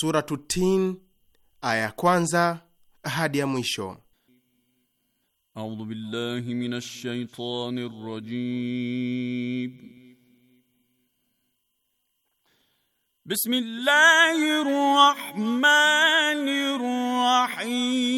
Suratu Tin, aya kwanza hadi ya mwisho. Audhu billahi minash shaitani rajim. Bismillahir rahmanir rahim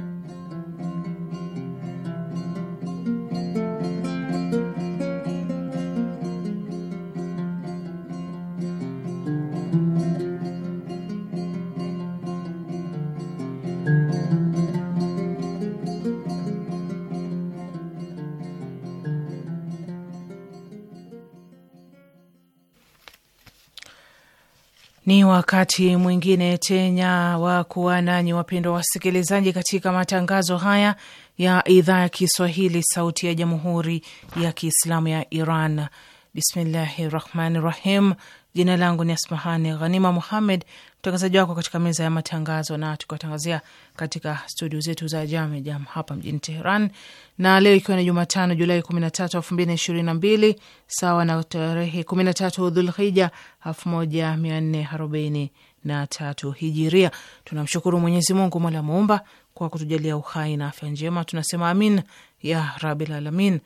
Ni wakati mwingine tena wa kuwa nanyi wapendwa wasikilizaji, katika matangazo haya ya idhaa ya Kiswahili sauti ya jamhuri ya Kiislamu ya Iran. Bismillahi rahmani rahim. Jina langu ni Asmahani Ghanima Muhammed, mtangazaji wako katika meza ya matangazo, na tukiwatangazia katika studio zetu za Jame Jam hapa mjini Teheran. Na leo ikiwa ni Jumatano, Julai kumi na tatu elfu mbili na ishirini na mbili sawa na tarehe kumi na tatu Dhulhija elfu moja mia nne arobaini na tatu hijiria. Tunamshukuru Mwenyezi Mungu mola muumba kwa kutujalia uhai na afya njema, tunasema amin ya rabil alamin.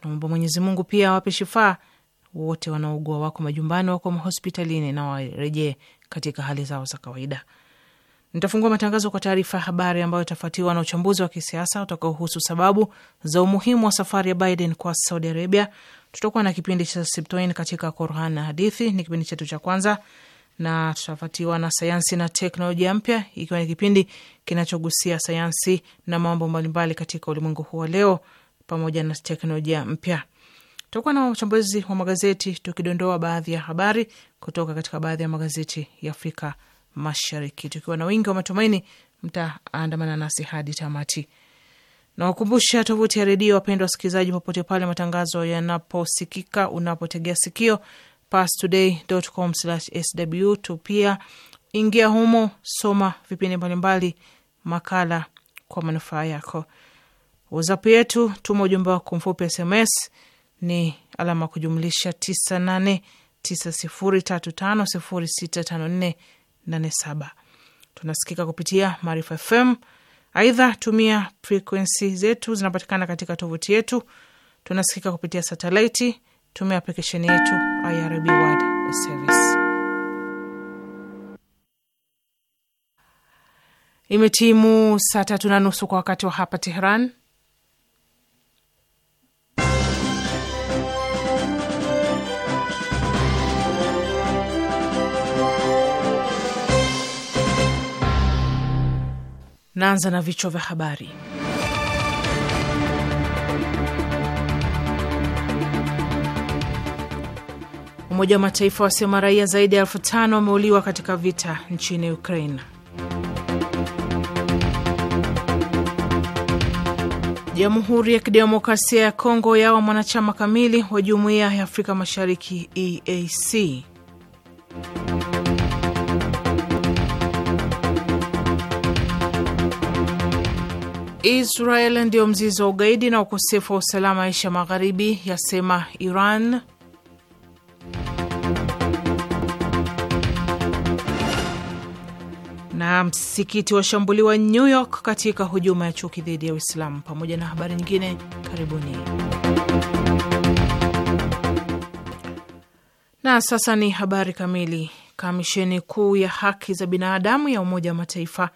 Tunamwomba Mwenyezi Mungu pia awape shifaa wote wanaougua wako majumbani, wako mahospitalini na warejee katika hali zao za kawaida. Nitafungua matangazo kwa taarifa ya habari ambayo itafuatiwa na uchambuzi wa kisiasa utakaohusu sababu za umuhimu wa safari ya Biden kwa Saudi Arabia. Tutakuwa na kipindi cha Septoin katika Qur'an na hadithi, ni kipindi chetu cha kwanza, na tutafuatiwa na sayansi na teknolojia mpya, ikiwa ni kipindi kinachogusia sayansi na mambo mbalimbali katika ulimwengu huu wa leo pamoja na teknolojia mpya. Tutakuwa na uchambuzi wa magazeti tukidondoa baadhi ya habari kutoka katika baadhi ya magazeti ya Afrika Mashariki, tukiwa na wingi wa matumaini mtaandamana nasi hadi tamati. Nawakumbusha tovuti ya redio, wapendwa wasikilizaji, popote pale matangazo yanaposikika, unapotegea sikio pastoday.com/sw. Tupia ingia humo, soma vipindi mbalimbali, makala kwa manufaa yako. WhatsApp yetu, tuma ujumbe wako mfupi SMS ni alama kujumlisha 989035065487. Tunasikika kupitia Maarifa FM. Aidha, tumia frekwensi zetu zinapatikana katika tovuti yetu. Tunasikika kupitia satelaiti. Tumia aplikesheni yetu IRIB World Service. Imetimu saa tatu na nusu kwa wakati wa hapa teheran Naanza na vichwa vya habari. Umoja wa Mataifa wasema raia zaidi ya elfu tano wameuliwa katika vita nchini Ukraine. Jamhuri ya Kidemokrasia ya Kongo yawa mwanachama kamili wa Jumuiya ya Afrika Mashariki, EAC. Israel ndio mzizi wa ugaidi na ukosefu wa usalama Asia Magharibi, yasema Iran. Na msikiti washambuliwa New York katika hujuma ya chuki dhidi ya Uislamu, pamoja na habari nyingine. Karibuni. Na sasa ni habari kamili. Kamisheni kuu ya haki za binadamu ya Umoja wa Mataifa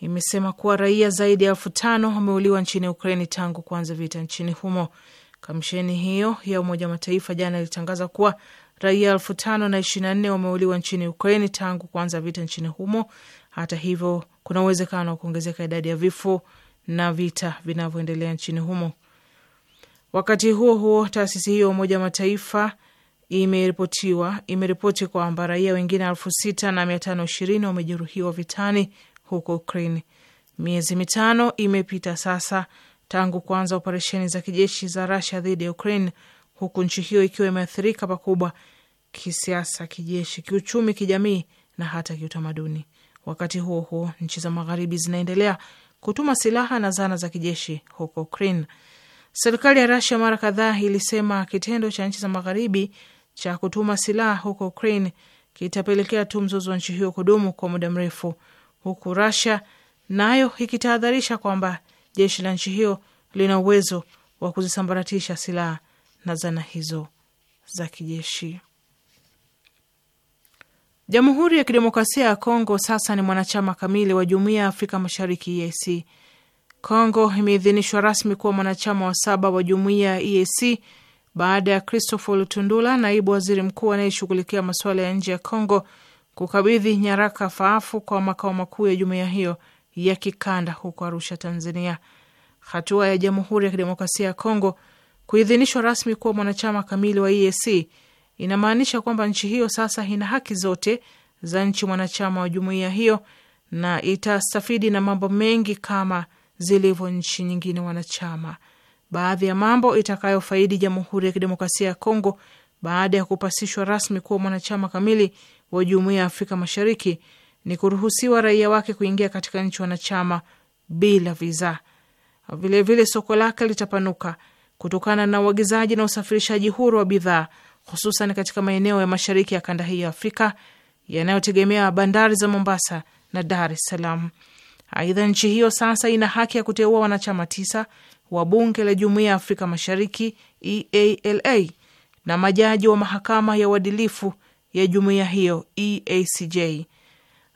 imesema kuwa raia zaidi ya elfu tano wameuliwa nchini Ukraini tangu kuanza vita nchini humo. Kamisheni hiyo ya Umoja wa Mataifa jana ilitangaza kuwa raia elfu tano na ishirini na nne wameuliwa nchini Ukraini tangu kuanza vita nchini humo. Hata hivyo, kuna uwezekano wa kuongezeka idadi ya vifo na vita vinavyoendelea nchini humo. Wakati huo huo, taasisi hiyo ya Umoja wa Mataifa imeripotiwa imeripoti kwamba raia wengine elfu sita na mia tano ishirini wamejeruhiwa vitani huko Ukraine. Miezi mitano imepita sasa tangu kuanza operesheni za kijeshi za Russia dhidi ya Ukraine, huku nchi hiyo ikiwa imeathirika pakubwa kisiasa, kijeshi, kiuchumi, kijamii na hata kiutamaduni. Wakati huo huo, nchi za magharibi zinaendelea kutuma silaha na zana za kijeshi huko Ukraine. Serikali ya Russia mara kadhaa ilisema kitendo cha nchi za magharibi cha kutuma silaha huko Ukraine kitapelekea tu mzozo wa nchi hiyo kudumu kwa muda mrefu huku Rasia nayo ikitahadharisha kwamba jeshi la nchi hiyo lina uwezo wa kuzisambaratisha silaha na zana hizo za kijeshi. Jamhuri ya Kidemokrasia ya Kongo sasa ni mwanachama kamili wa Jumuiya ya Afrika Mashariki, EAC. Kongo imeidhinishwa rasmi kuwa mwanachama wa saba wa jumuiya ya EAC baada ya Christopher Lutundula, naibu waziri mkuu anayeshughulikia masuala ya nje ya Kongo, kukabidhi nyaraka faafu kwa makao makuu ya jumuiya hiyo ya kikanda huko Arusha, Tanzania. Hatua ya Jamhuri ya Kidemokrasia ya Kongo kuidhinishwa rasmi kuwa mwanachama kamili wa EAC inamaanisha kwamba nchi hiyo sasa ina haki zote za nchi mwanachama wa jumuiya hiyo na itastafidi na mambo mengi kama zilivyo nchi nyingine wanachama. Baadhi ya mambo itakayofaidi Jamhuri ya Kidemokrasia ya Kongo baada ya kupasishwa rasmi kuwa mwanachama kamili wa Jumuiya ya Afrika Mashariki ni kuruhusiwa raia wake kuingia katika nchi wanachama bila viza. Vilevile soko lake litapanuka kutokana na uagizaji na usafirishaji huru wa bidhaa, hususan katika maeneo ya mashariki ya kanda hii ya Afrika yanayotegemea bandari za Mombasa na Dar es Salaam. Aidha, nchi hiyo sasa ina haki ya kuteua wanachama tisa wa bunge la Jumuiya ya Afrika Mashariki EALA na majaji wa mahakama ya uadilifu ya jumuiya hiyo EACJ.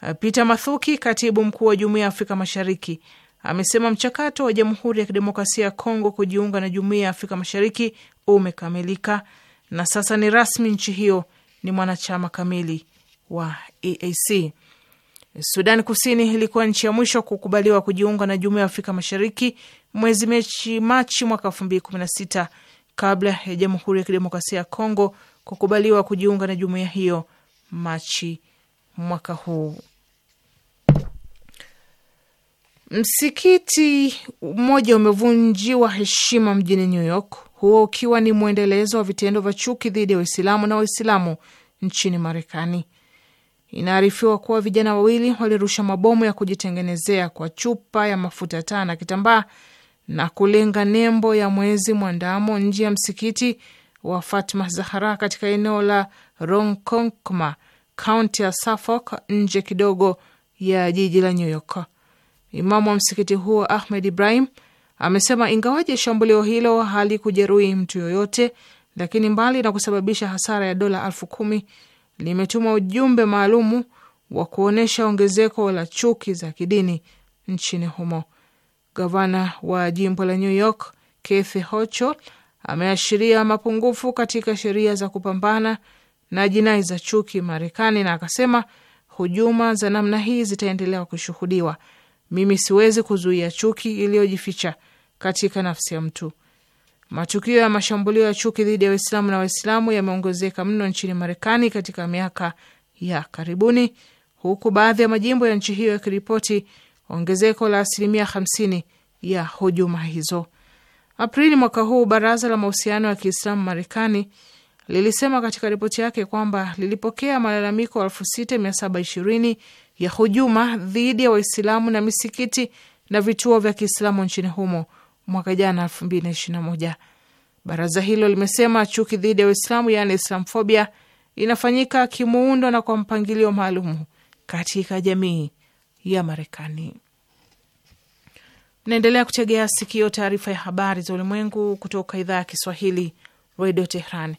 Uh, Peter Mathuki, katibu mkuu wa jumuiya ya Afrika Mashariki, amesema mchakato wa Jamhuri ya Kidemokrasia ya Kongo kujiunga na jumuiya ya Afrika Mashariki umekamilika na sasa ni rasmi, nchi hiyo ni mwanachama kamili wa EAC. Sudan Kusini ilikuwa nchi ya mwisho kukubaliwa kujiunga na jumuiya ya Afrika Mashariki mwezi Machi mwaka elfu mbili kumi na sita kabla ya Jamhuri ya Kidemokrasia ya Kongo kukubaliwa kujiunga na jumuiya hiyo Machi mwaka huu. Msikiti mmoja umevunjiwa heshima mjini New York, huo ukiwa ni mwendelezo wa vitendo vya chuki dhidi ya Waislamu na Waislamu nchini Marekani. Inaarifiwa kuwa vijana wawili walirusha mabomu ya kujitengenezea kwa chupa ya mafuta taa na kitambaa na kulenga nembo ya mwezi mwandamo nje ya msikiti wa Fatma zahara katika eneo la Ronkonkoma, kaunti ya Suffolk, nje kidogo ya jiji la New York. Imamu wa msikiti huo Ahmed Ibrahim amesema ingawaje shambulio hilo halikujeruhi mtu yoyote, lakini mbali na kusababisha hasara ya dola elfu kumi limetuma ujumbe maalumu wa kuonyesha ongezeko la chuki za kidini nchini humo. Gavana wa jimbo la New York Kathy Hochul ameashiria mapungufu katika sheria za kupambana na jinai za chuki Marekani na akasema hujuma za namna hii zitaendelea kushuhudiwa. Mimi siwezi kuzuia chuki iliyojificha katika nafsi ya mtu. Matukio ya mashambulio ya chuki dhidi ya Waislamu na Waislamu yameongezeka mno nchini Marekani katika miaka ya karibuni, huku baadhi ya majimbo ya nchi hiyo yakiripoti ongezeko la asilimia 50 ya hujuma hizo. Aprili mwaka huu baraza la mahusiano ya Kiislamu Marekani lilisema katika ripoti yake kwamba lilipokea malalamiko 6720 ya hujuma dhidi ya Waislamu na misikiti na vituo vya Kiislamu nchini humo mwaka jana 2021. Baraza hilo limesema chuki dhidi ya Waislamu yaani Islamfobia inafanyika kimuundo na kwa mpangilio maalumu katika jamii ya Marekani. Naendelea kutegea sikio taarifa ya habari za ulimwengu kutoka idhaa ya Kiswahili Radio Tehran.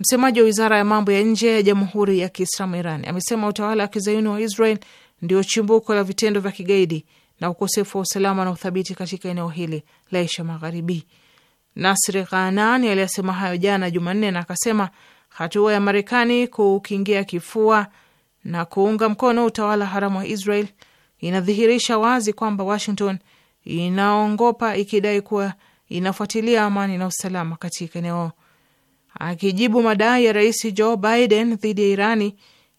Msemaji wa wizara ya mambo ya nje ya jamhuri ya Kiislamu Iran amesema utawala wa kizayuni wa Israel ndio chimbuko la vitendo vya kigaidi na ukosefu wa usalama na uthabiti katika eneo hili la Asia Magharibi. Nasri Ghanani aliyasema hayo jana Jumanne na akasema hatua ya Marekani kukingia kifua na kuunga mkono utawala haramu wa Israel inadhihirisha wazi kwamba Washington inaongopa ikidai kuwa inafuatilia amani na usalama katika eneo. Akijibu madai ya rais Joe Biden dhidi ya Irani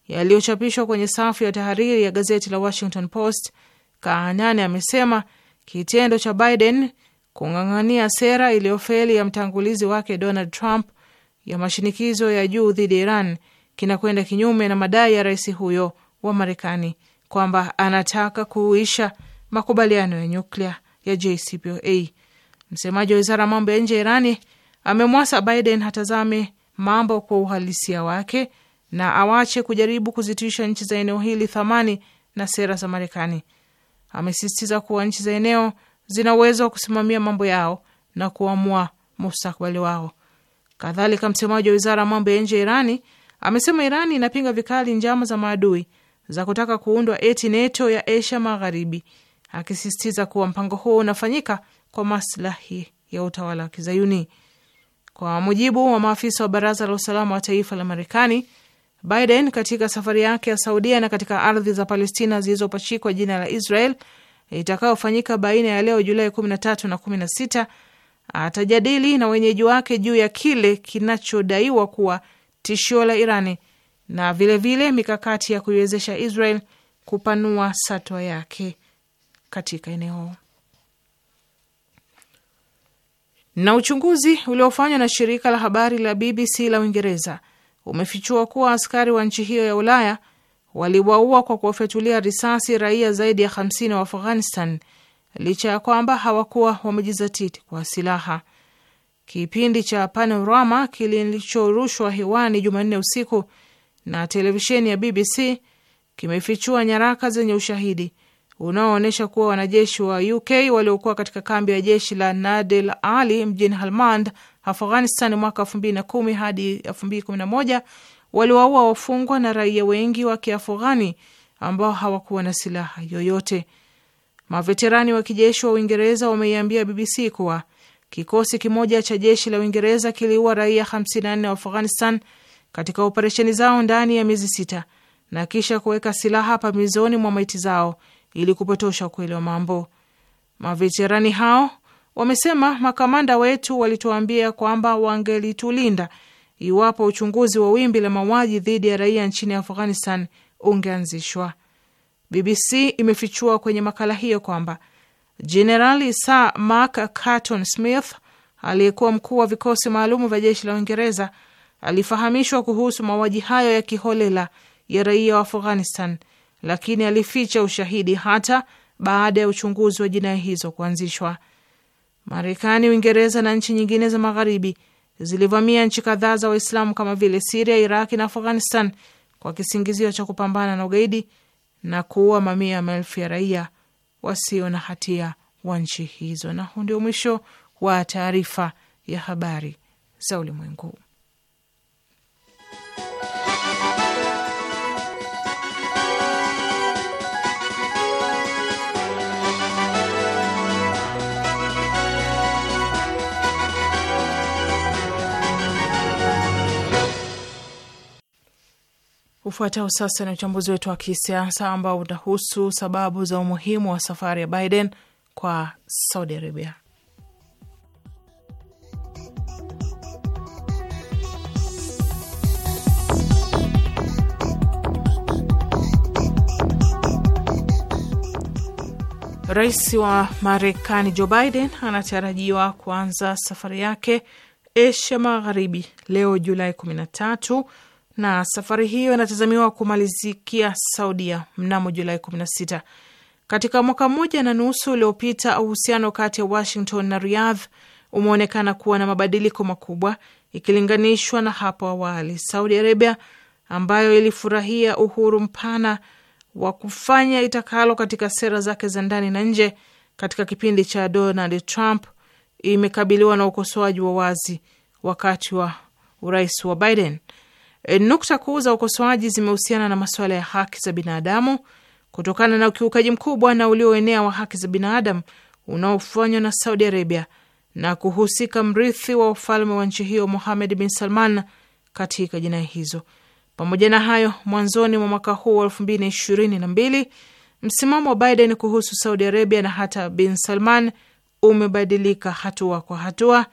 yaliyochapishwa kwenye safu ya tahariri ya gazeti la Washington Post, Kaanane amesema kitendo cha Biden kung'ang'ania sera iliyofeli ya mtangulizi wake Donald Trump ya mashinikizo ya juu dhidi ya Iran kinakwenda kinyume na madai ya rais huyo wa Marekani kwamba anataka kuuisha makubaliano ya nyuklia ya JCPOA. Msemaji wa wizara ya mambo ya nje ya Irani amemwasa Biden hatazame mambo kwa uhalisia wake na awache kujaribu kuzitisha nchi za eneo hili thamani na sera za Marekani. Amesisitiza kuwa nchi za eneo zina uwezo wa kusimamia mambo yao na kuamua mustakbali wao. Kadhalika, msemaji wa wizara ya mambo ya nje ya Irani amesema Irani inapinga vikali njama za maadui za kutaka kuundwa eti NATO ya Asia Magharibi akisisitiza kuwa mpango huo unafanyika kwa maslahi ya utawala wa Kizayuni. Kwa mujibu wa maafisa wa baraza la usalama wa taifa la Marekani, Biden katika safari yake ya Saudia na katika ardhi za Palestina zilizopachikwa jina la Israel itakayofanyika baina ya leo Julai 13 na 16 atajadili na wenyeji wake juu ya kile kinachodaiwa kuwa tishio la Irani na vilevile vile mikakati ya kuiwezesha Israel kupanua satwa yake katika eneo. Na uchunguzi uliofanywa na shirika la habari la BBC la Uingereza umefichua kuwa askari wa nchi hiyo ya Ulaya waliwaua kwa kuwafyatulia risasi raia zaidi ya 50 wa Afghanistan licha ya kwamba hawakuwa wamejizatiti kwa silaha. Kipindi cha Panorama kilichorushwa hewani Jumanne usiku na televisheni ya BBC kimefichua nyaraka zenye ushahidi unaoonyesha kuwa wanajeshi wa UK waliokuwa katika kambi ya jeshi la Nadel Ali mjini halmand Afghanistan mwaka 2010 hadi 2011 waliwaua wafungwa na raia wengi wa Kiafghani ambao hawakuwa na silaha yoyote. Maveterani wa kijeshi wa Uingereza wameiambia BBC kuwa kikosi kimoja cha jeshi la Uingereza kiliua raia 54 wa Afghanistan katika operesheni zao ndani ya miezi sita na kisha kuweka silaha pamizoni mwa maiti zao ili kupotosha ukweli wa mambo. Maveterani hao wamesema makamanda wetu walituambia kwamba wangelitulinda iwapo uchunguzi wa wimbi la mauaji dhidi ya raia nchini Afghanistan ungeanzishwa. BBC imefichua kwenye makala hiyo kwamba Jenerali Sir Mark Carton Smith aliyekuwa mkuu wa vikosi maalumu vya jeshi la Uingereza alifahamishwa kuhusu mauaji hayo ya kiholela ya raia wa Afghanistan lakini alificha ushahidi hata baada ya uchunguzi wa jinai hizo kuanzishwa. Marekani, Uingereza na nchi nyingine za Magharibi zilivamia nchi kadhaa za Waislamu kama vile Siria, Iraki na Afghanistan kwa kisingizio cha kupambana na ugaidi na kuua mamia ya maelfu ya raia wasio na hatia wa nchi hizo. Na huu ndio mwisho wa taarifa ya habari za ulimwengu. Ufuatao sasa ni uchambuzi wetu wa kisiasa ambao utahusu sababu za umuhimu wa safari ya Biden kwa Saudi Arabia. Rais wa Marekani Joe Biden anatarajiwa kuanza safari yake Asia Magharibi leo Julai tatu na safari hiyo inatazamiwa kumalizikia Saudia mnamo Julai 16. Katika mwaka mmoja na nusu uliopita, uhusiano kati ya Washington na Riyadh umeonekana kuwa na mabadiliko makubwa ikilinganishwa na hapo awali. Saudi Arabia ambayo ilifurahia uhuru mpana wa kufanya itakalo katika sera zake za ndani na nje katika kipindi cha Donald Trump imekabiliwa na ukosoaji wa wazi wakati wa urais wa Biden. E, nukta kuu za ukosoaji zimehusiana na masuala ya haki za binadamu kutokana na ukiukaji mkubwa na ulioenea wa haki za binadamu unaofanywa na Saudi Arabia na kuhusika mrithi wa ufalme wa nchi hiyo Mohamed bin Salman katika jinai hizo. Pamoja na hayo, mwanzoni mwa mwaka huu wa elfu mbili na ishirini na mbili msimamo wa Biden kuhusu Saudi Arabia na hata bin Salman umebadilika hatua kwa hatua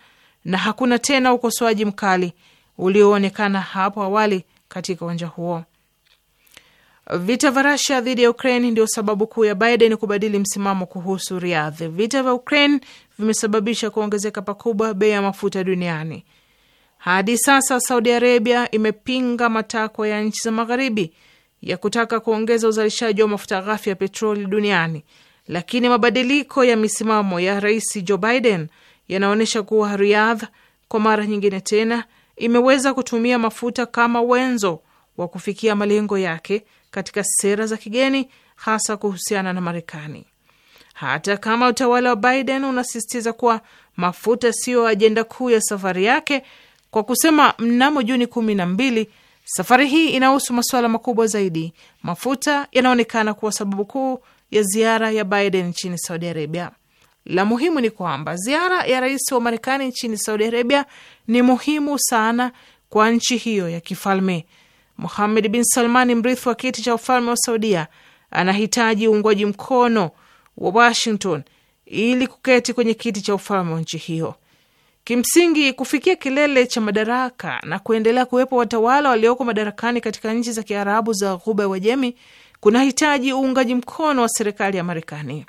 na hakuna tena ukosoaji mkali ulioonekana hapo awali katika uwanja huo. Vita vya Rusia dhidi ya Ukraine ndio sababu kuu ya Biden kubadili msimamo kuhusu Riyadh. Vita vya Ukraine vimesababisha kuongezeka pakubwa bei ya mafuta duniani. Hadi sasa Saudi Arabia imepinga matakwa ya nchi za magharibi ya kutaka kuongeza uzalishaji wa mafuta ghafi ya petroli duniani, lakini mabadiliko ya misimamo ya rais Joe Biden yanaonyesha kuwa Riadh kwa mara nyingine tena imeweza kutumia mafuta kama wenzo wa kufikia malengo yake katika sera za kigeni, hasa kuhusiana na Marekani. Hata kama utawala wa Biden unasisitiza kuwa mafuta siyo ajenda kuu ya safari yake, kwa kusema mnamo Juni kumi na mbili, safari hii inahusu masuala makubwa zaidi. Mafuta yanaonekana kuwa sababu kuu ya ziara ya Biden nchini Saudi Arabia. La muhimu ni kwamba ziara ya rais wa Marekani nchini Saudi Arabia ni muhimu sana kwa nchi hiyo ya kifalme. Muhamed bin Salmani, mrithi wa kiti cha ufalme wa Saudia, anahitaji uungwaji mkono wa Washington ili kuketi kwenye kiti cha ufalme wa nchi hiyo. Kimsingi, kufikia kilele cha madaraka na kuendelea kuwepo watawala walioko madarakani katika nchi za kiarabu za ghuba ya Uajemi kunahitaji uungaji mkono wa serikali ya Marekani.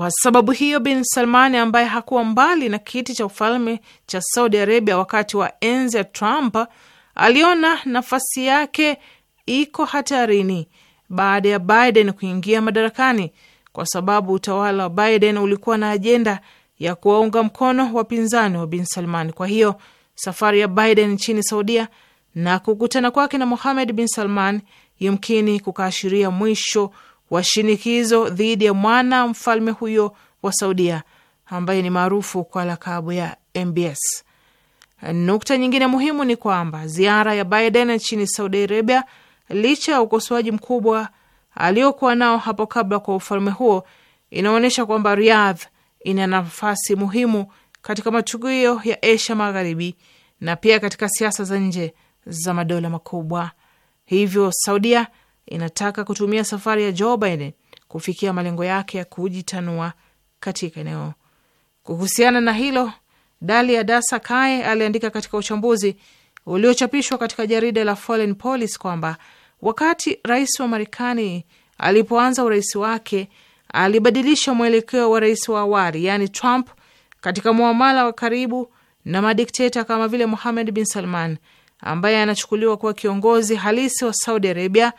Kwa sababu hiyo, bin Salmani ambaye hakuwa mbali na kiti cha ufalme cha Saudi Arabia wakati wa enzi ya Trump aliona nafasi yake iko hatarini baada ya Biden kuingia madarakani, kwa sababu utawala wa Biden ulikuwa na ajenda ya kuwaunga mkono wapinzani wa bin Salman. Kwa hiyo safari ya Biden nchini Saudia na kukutana kwake na Mohamed bin Salman yumkini kukaashiria mwisho wa shinikizo dhidi ya mwana mfalme huyo wa Saudia ambaye ni maarufu kwa lakabu ya MBS. Nukta nyingine muhimu ni kwamba ziara ya Biden nchini Saudi Arabia, licha ya ukosoaji mkubwa aliokuwa nao hapo kabla kwa ufalme huo, inaonyesha kwamba Riyadh ina nafasi muhimu katika matukio ya Asia Magharibi na pia katika siasa za nje za madola makubwa. Hivyo Saudia inataka kutumia safari ya Joe Biden kufikia malengo yake ya kujitanua katika eneo. Kuhusiana na hilo, Dalia kae aliandika katika uchambuzi uliochapishwa katika jarida la Foreign Policy kwamba wakati rais wa Marekani alipoanza urais wake alibadilisha mwelekeo wa rais wa awali, yaani Trump, katika muamala wa karibu na madikteta kama vile muhamed bin Salman ambaye anachukuliwa kuwa kiongozi halisi wa Saudi Arabia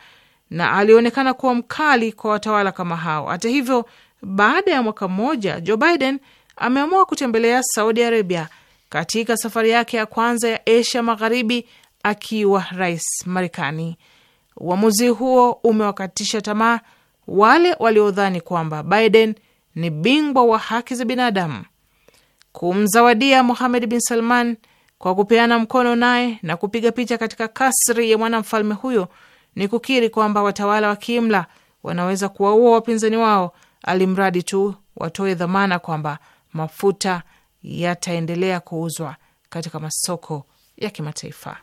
na alionekana kuwa mkali kwa watawala kama hao. Hata hivyo, baada ya mwaka mmoja, Joe Biden ameamua kutembelea Saudi Arabia katika safari yake ya kwanza ya Asia Magharibi akiwa rais Marekani. Uamuzi huo umewakatisha tamaa wale waliodhani kwamba Biden ni bingwa wa haki za binadamu. Kumzawadia Mohamed bin Salman kwa kupeana mkono naye na kupiga picha katika kasri ya mwanamfalme huyo ni kukiri kwamba watawala wa kiimla wanaweza kuwaua wapinzani wao, alimradi tu watoe dhamana kwamba mafuta yataendelea kuuzwa katika masoko ya kimataifa.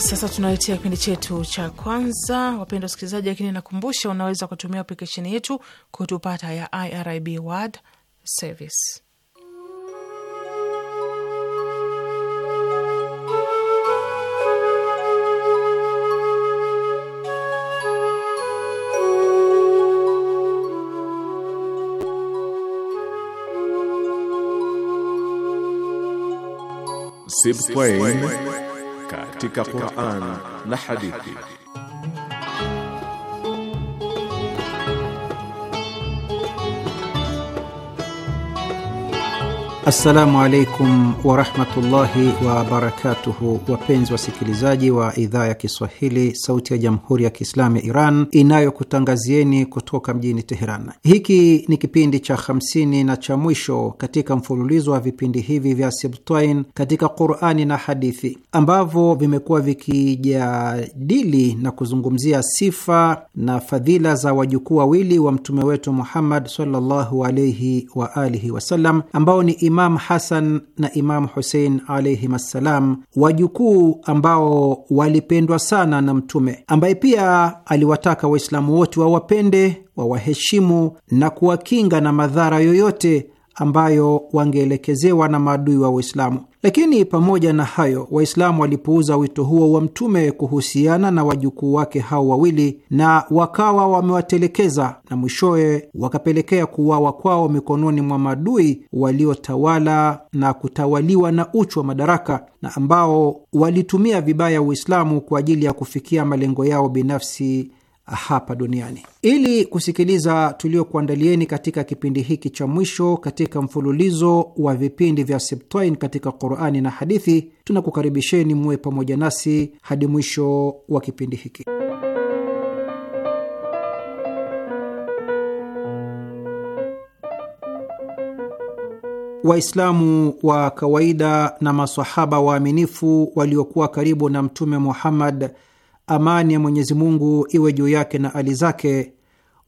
sasa tunaletea kipindi chetu cha kwanza, wapenda wasikilizaji, lakini nakumbusha unaweza kutumia aplikesheni yetu kutupata ya IRIB World Service. Sibsway. katika Qur'an na hadithi. Assalamu alaikum warahmatullahi wabarakatuhu, wapenzi wasikilizaji wa idhaa ya Kiswahili, Sauti ya Jamhuri ya Kiislamu ya Iran inayokutangazieni kutoka mjini Teheran. Hiki ni kipindi cha 50 na cha mwisho katika mfululizo wa vipindi hivi vya Sibtain katika Qurani na hadithi ambavyo vimekuwa vikijadili na kuzungumzia sifa na fadhila za wajukuu wawili wa mtume wetu Muhammad sallallahu alaihi wasallam ambao ni Imam Hasan na Imam Husein alaihim assalam, wajukuu ambao walipendwa sana na Mtume, ambaye pia aliwataka Waislamu wote wawapende, wawaheshimu na kuwakinga na madhara yoyote ambayo wangeelekezewa na maadui wa Waislamu. Lakini pamoja na hayo, Waislamu walipuuza wito huo wa Mtume kuhusiana na wajukuu wake hao wawili, na wakawa wamewatelekeza na mwishowe wakapelekea kuuawa kwao mikononi mwa maadui waliotawala na kutawaliwa na uchu wa madaraka, na ambao walitumia vibaya Uislamu kwa ajili ya kufikia malengo yao binafsi hapa duniani. Ili kusikiliza tuliokuandalieni katika kipindi hiki cha mwisho katika mfululizo wa vipindi vya septin katika Qurani na hadithi, tunakukaribisheni muwe pamoja nasi hadi mwisho wa kipindi hiki. Waislamu wa kawaida na masahaba waaminifu waliokuwa karibu na Mtume Muhammad amani ya Mwenyezi Mungu iwe juu yake na ali zake,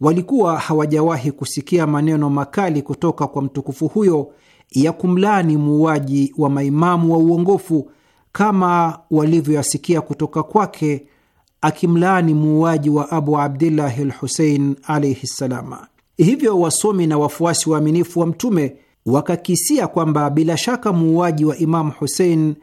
walikuwa hawajawahi kusikia maneno makali kutoka kwa mtukufu huyo ya kumlaani muuaji wa maimamu wa uongofu kama walivyoyasikia kutoka kwake akimlaani muuaji wa Abu Abdillahi l Husein alaihi ssalama. Hivyo wasomi na wafuasi waaminifu wa Mtume wakakisia kwamba bila shaka muuaji wa Imamu Husein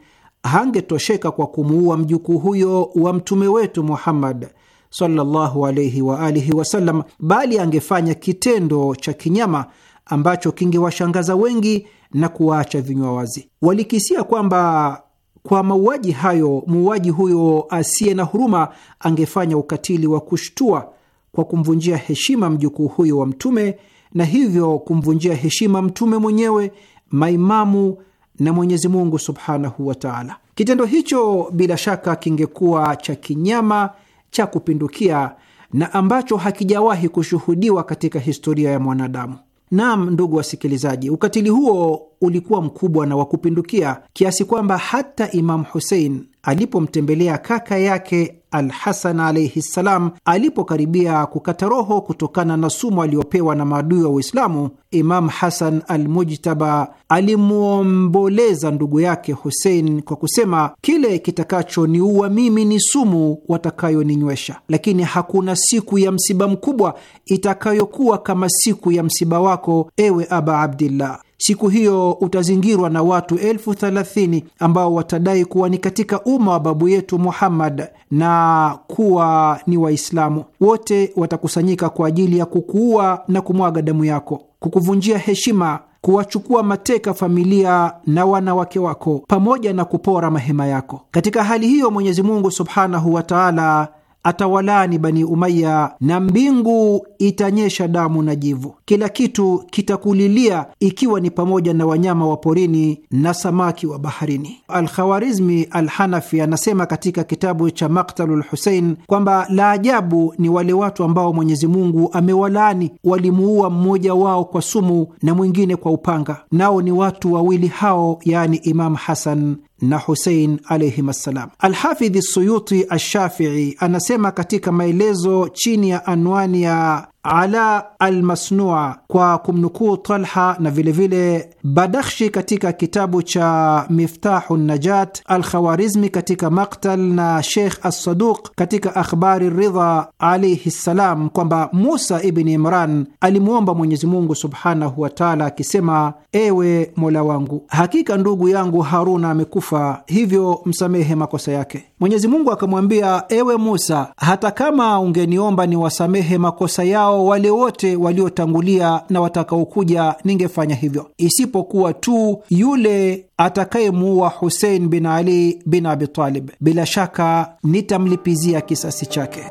hangetosheka kwa kumuua mjukuu huyo wa mtume wetu Muhammad sallallahu alayhi wa alihi wasallam, bali angefanya kitendo cha kinyama ambacho kingewashangaza wengi na kuwaacha vinywa wazi. Walikisia kwamba kwa mauaji hayo muuaji huyo asiye na huruma angefanya ukatili wa kushtua kwa kumvunjia heshima mjukuu huyo wa mtume na hivyo kumvunjia heshima mtume mwenyewe, maimamu na Mwenyezi Mungu subhanahu wa taala. Kitendo hicho bila shaka kingekuwa cha kinyama cha kupindukia na ambacho hakijawahi kushuhudiwa katika historia ya mwanadamu. Naam, ndugu wasikilizaji, ukatili huo ulikuwa mkubwa na wa kupindukia kiasi kwamba hata Imamu Husein alipomtembelea kaka yake Alhasan alaihi ssalam, alipokaribia kukata roho kutokana na sumu aliyopewa na maadui wa Uislamu, Imam Hasan Almujtaba alimwomboleza ndugu yake Husein kwa kusema, kile kitakachoniua mimi ni sumu watakayoninywesha, lakini hakuna siku ya msiba mkubwa itakayokuwa kama siku ya msiba wako, ewe Aba Abdillah. Siku hiyo utazingirwa na watu elfu thelathini ambao watadai kuwa ni katika umma wa babu yetu Muhammad na kuwa ni Waislamu. Wote watakusanyika kwa ajili ya kukuua na kumwaga damu yako, kukuvunjia heshima, kuwachukua mateka familia na wanawake wako, pamoja na kupora mahema yako. Katika hali hiyo Mwenyezi Mungu subhanahu wa taala atawalaani Bani Umaya na mbingu itanyesha damu na jivu. Kila kitu kitakulilia, ikiwa ni pamoja na wanyama wa porini na samaki wa baharini. Alkhawarizmi Alhanafi anasema katika kitabu cha Maktalu Lhusein kwamba la ajabu ni wale watu ambao Mwenyezi Mungu amewalaani, walimuua mmoja wao kwa sumu na mwingine kwa upanga, nao ni watu wawili hao, yaani Imam Hasan na Husein alayhim assalam. Alhafidhi Suyuti Ashafii anasema katika maelezo chini ya anwani ya ala Almasnua kwa kumnukuu Talha na vilevile Badakhshi katika kitabu cha Miftahu Najat, Alkhawarizmi katika Maktal na Sheikh Assaduq katika Akhbari Ridha alaihi ssalam, kwamba Musa ibni Imran alimwomba Mwenyezi Mungu subhanahu wa taala akisema: ewe mola wangu, hakika ndugu yangu Haruna amekufa, hivyo msamehe makosa yake. Mwenyezi Mungu akamwambia, ewe Musa, hata kama ungeniomba niwasamehe makosa yao wale wote waliotangulia na watakaokuja, ningefanya hivyo, isipokuwa tu yule atakayemuua Husein bin Ali bin Abi Talib, bila shaka nitamlipizia kisasi chake.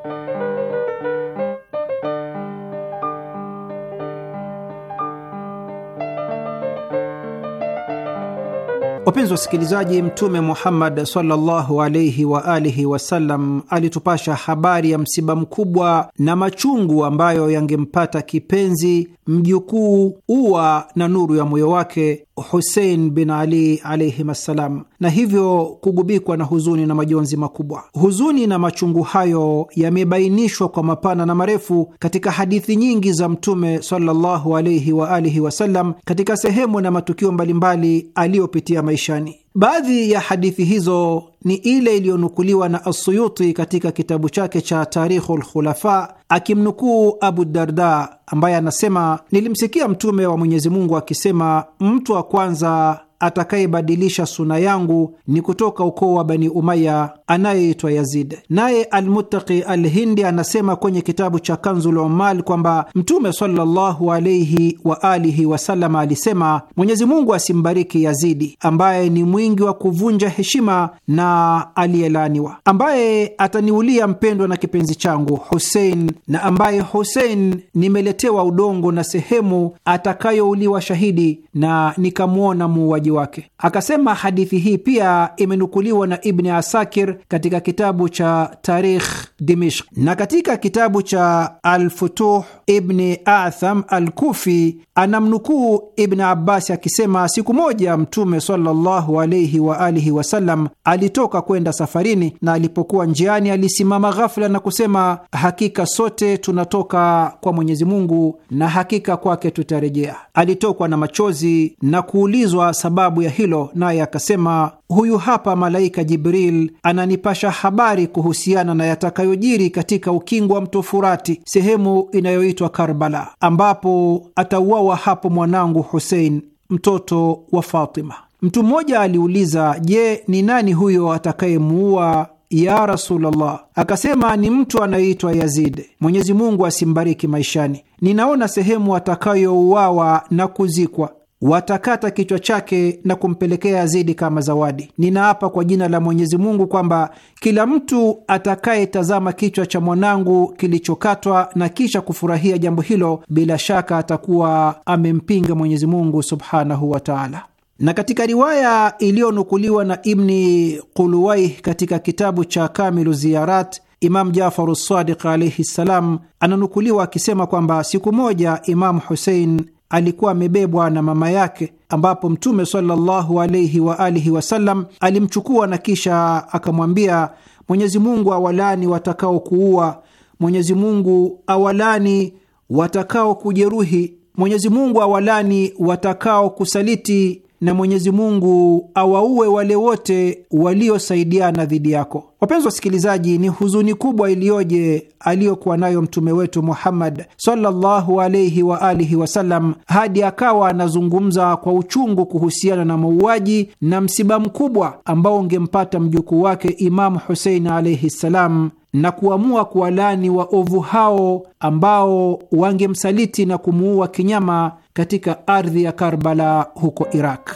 Wapenzi wa wasikilizaji, Mtume Muhammad sallallahu alaihi wa alihi wasallam alitupasha habari ya msiba mkubwa na machungu ambayo yangempata kipenzi mjukuu uwa na nuru ya moyo wake Husein bin Ali alaihim assalam, na hivyo kugubikwa na huzuni na majonzi makubwa. Huzuni na machungu hayo yamebainishwa kwa mapana na marefu katika hadithi nyingi za Mtume sallallahu alaihi waalihi wasallam katika sehemu na matukio mbalimbali aliyopitia maishani. Baadhi ya hadithi hizo ni ile iliyonukuliwa na Asuyuti katika kitabu chake cha Tarikhu Lkhulafa akimnukuu Abu Darda ambaye anasema, nilimsikia Mtume wa Mwenyezi Mungu akisema, mtu wa kwanza atakayebadilisha suna yangu ni kutoka ukoo wa Bani Umaya anayeitwa Yazid. Naye Almuttaqi Alhindi anasema kwenye kitabu cha Kanzul Ummal kwamba Mtume sallallahu alaihi wa alihi wasallam alisema, Mwenyezi Mungu asimbariki Yazidi ambaye ni mwingi wa kuvunja heshima na aliyelaaniwa, ambaye ataniulia mpendwa na kipenzi changu Husein, na ambaye Husein nimeletewa udongo na sehemu atakayouliwa shahidi na nikamwona muuaji wake. Akasema hadithi hii pia imenukuliwa na Ibni Asakir katika kitabu cha Tarikh Dimishk na katika kitabu cha Alfutuh. Ibni Atham Alkufi anamnukuu Ibni Abbasi akisema, siku moja Mtume sallallahu alaihi wasallam alitoka kwenda safarini, na alipokuwa njiani alisimama ghafula na kusema, hakika sote tunatoka kwa Mwenyezi Mungu na hakika kwake tutarejea. Alitokwa na machozi na kuulizwa sababu sababu ya hilo, naye akasema, huyu hapa malaika Jibril ananipasha habari kuhusiana na yatakayojiri katika ukingo wa mto Furati, sehemu inayoitwa Karbala, ambapo atauawa hapo mwanangu Husein, mtoto wa Fatima. Mtu mmoja aliuliza, je, ni nani huyo atakayemuua ya Rasulullah? Akasema, ni mtu anayeitwa Yazid, Mwenyezi Mungu asimbariki maishani. Ninaona sehemu atakayouawa na kuzikwa watakata kichwa chake na kumpelekea Yazidi kama zawadi. Ninaapa kwa jina la Mwenyezi Mungu kwamba kila mtu atakayetazama kichwa cha mwanangu kilichokatwa na kisha kufurahia jambo hilo, bila shaka atakuwa amempinga Mwenyezi Mungu subhanahu wa taala. Na katika riwaya iliyonukuliwa na Ibni Quluwaih katika kitabu cha Kamilu Ziyarat, imamu Jafaru Sadiq alaihi ssalam ananukuliwa akisema kwamba siku moja Imamu Husein alikuwa amebebwa na mama yake, ambapo Mtume sallallahu alaihi wa alihi wasallam alimchukua na kisha akamwambia, Mwenyezi Mungu awalani watakaokuua, Mwenyezi Mungu awalani watakaokujeruhi, Mwenyezi Mungu awalani watakaokusaliti, na Mwenyezi Mungu awaue wale wote waliosaidiana dhidi yako. Wapenzi wasikilizaji, ni huzuni kubwa iliyoje aliyokuwa nayo mtume wetu Muhammad sallallahu alaihi wa alihi wasallam hadi akawa anazungumza kwa uchungu kuhusiana na mauaji na msiba mkubwa ambao ungempata mjukuu wake Imamu Husein alaihi ssalam na kuamua wa waovu hao ambao wangemsaliti na kumuua kinyama katika ardhi ya Karbala huko Iraq.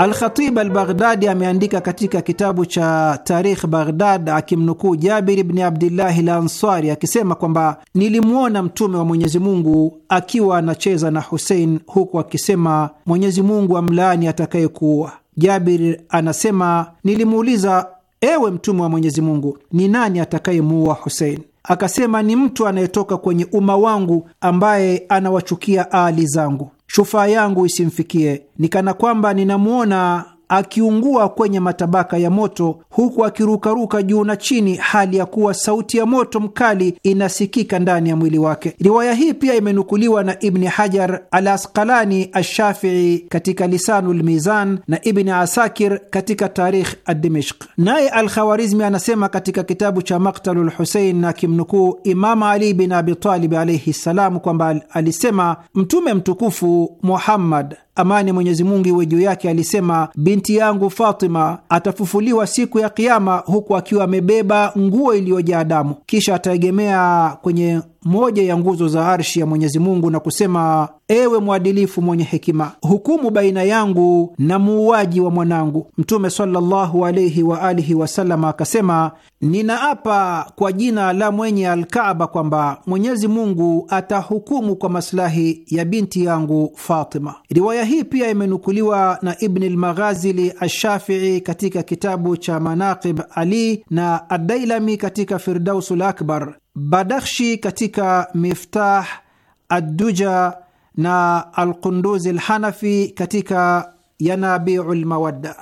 Alkhatib Albaghdadi ameandika katika kitabu cha Tarikh Baghdad akimnukuu Jabiri bni Abdillahi Lansari akisema kwamba nilimwona Mtume wa Mwenyezi Mungu akiwa anacheza na Husein huku akisema Mwenyezi Mungu amlaani atakayekuua. Jabir anasema nilimuuliza, ewe Mtume wa Mwenyezi Mungu, ni nani atakayemuua Husein? Akasema, ni mtu anayetoka kwenye umma wangu ambaye anawachukia ali zangu, shufaa yangu isimfikie. Ni kana kwamba ninamwona akiungua kwenye matabaka ya moto, huku akirukaruka juu na chini, hali ya kuwa sauti ya moto mkali inasikika ndani ya mwili wake. Riwaya hii pia imenukuliwa na Ibni Hajar al Asqalani Ashafii katika Lisanu lmizan na Ibni Asakir katika Tarikh Adimishq. Naye Alkhawarizmi anasema katika kitabu cha Maktalu Lhusein, na kimnukuu Imama Ali bin Abitalib alaihi ssalam, kwamba alisema Mtume mtukufu Muhammad amani Mwenyezi Mungu iwe juu yake, alisema, binti yangu Fatima atafufuliwa siku ya Kiama huku akiwa amebeba nguo iliyojaa damu, kisha ataegemea kwenye moja ya nguzo za arshi ya Mwenyezi Mungu na kusema: ewe mwadilifu mwenye hekima, hukumu baina yangu na muuaji wa mwanangu. Mtume sallallahu alaihi wa alihi wasallam akasema, ninaapa kwa jina la mwenye Alkaaba kwamba Mwenyezi Mungu atahukumu kwa masilahi ya binti yangu Fatima. Riwaya hii pia imenukuliwa na Ibni Lmaghazili Ashafii katika kitabu cha Manaqib Ali na Adailami katika Firdausul Akbar. Badakhshi katika Miftah Adduja na Alqunduzi Lhanafi katika Yanabiu Lmawadda.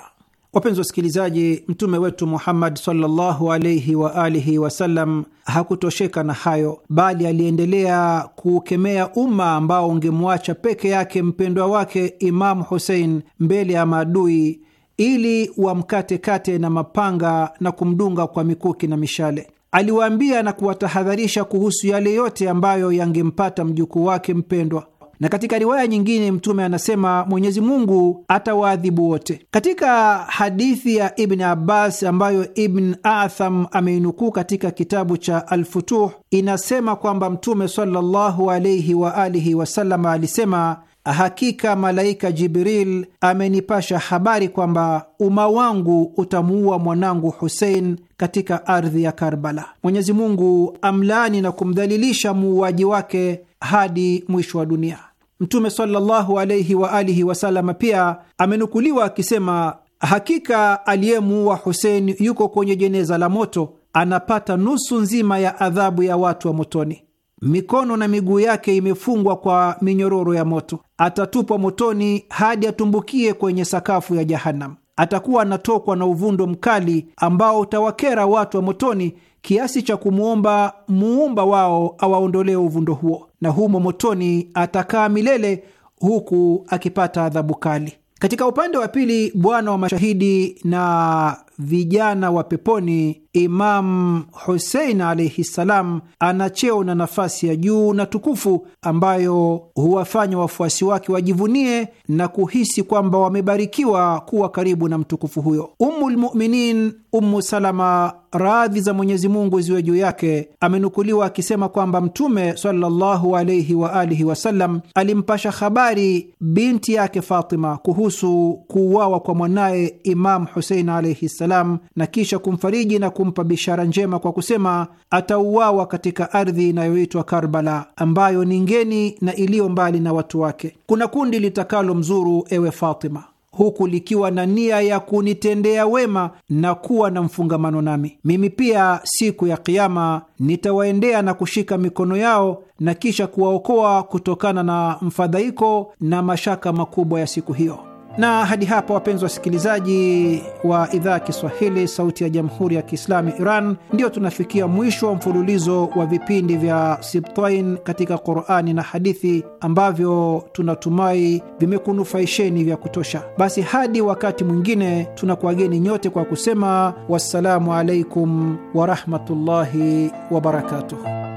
Wapenzi wasikilizaji, mtume wetu Muhammad sallallahu alaihi wa alihi wasallam hakutosheka na hayo, bali aliendelea kuukemea umma ambao ungemwacha peke yake mpendwa wake Imamu Husein mbele ya maadui ili wamkate kate na mapanga na kumdunga kwa mikuki na mishale aliwaambia na kuwatahadharisha kuhusu yale yote ambayo yangempata mjukuu wake mpendwa. Na katika riwaya nyingine Mtume anasema Mwenyezi Mungu atawaadhibu wote. Katika hadithi ya Ibn Abbas ambayo Ibn Atham ameinukuu katika kitabu cha Alfutuh, inasema kwamba Mtume sallallahu alaihi waalihi wasallam alisema Hakika malaika Jibril amenipasha habari kwamba umma wangu utamuua mwanangu Husein katika ardhi ya Karbala. Mwenyezi Mungu amlaani na kumdhalilisha muuaji wake hadi mwisho wa dunia. Mtume sallallahu alaihi wa alihi wasalama pia amenukuliwa akisema, hakika aliyemuua Husein yuko kwenye jeneza la moto, anapata nusu nzima ya adhabu ya watu wa motoni. Mikono na miguu yake imefungwa kwa minyororo ya moto. Atatupwa motoni hadi atumbukie kwenye sakafu ya Jahanam. Atakuwa anatokwa na uvundo mkali ambao utawakera watu wa motoni kiasi cha kumwomba muumba wao awaondolee uvundo huo, na humo motoni atakaa milele huku akipata adhabu kali. Katika upande wa pili, Bwana wa mashahidi na vijana wa peponi, Imam Husein alaihi ssalam, ana cheo na nafasi ya juu na tukufu ambayo huwafanya wafuasi wake wajivunie na kuhisi kwamba wamebarikiwa kuwa karibu na mtukufu huyo. Ummulmuminin Ummu Salama, radhi za Mwenyezi Mungu ziwe juu yake, amenukuliwa akisema kwamba Mtume sallallahu alaihi wasallam alimpasha habari binti yake Fatima kuhusu kuuawa kwa mwanaye Imam Husein alaihi ssalam salam, na kisha kumfariji na kumpa bishara njema kwa kusema atauawa katika ardhi inayoitwa Karbala, ambayo ni ngeni na iliyo mbali na watu wake. Kuna kundi litakalo mzuru ewe Fatima, huku likiwa na nia ya kunitendea wema na kuwa na mfungamano nami. Mimi pia siku ya Kiama nitawaendea na kushika mikono yao na kisha kuwaokoa kutokana na mfadhaiko na mashaka makubwa ya siku hiyo. Na hadi hapa, wapenzi wasikilizaji wa idhaa ya Kiswahili, Sauti ya Jamhuri ya Kiislamu Iran, ndio tunafikia mwisho wa mfululizo wa vipindi vya Sibtain katika Qurani na hadithi ambavyo tunatumai vimekunufaisheni vya kutosha. Basi hadi wakati mwingine, tunakuwageni nyote kwa kusema wassalamu alaikum warahmatullahi wabarakatuh.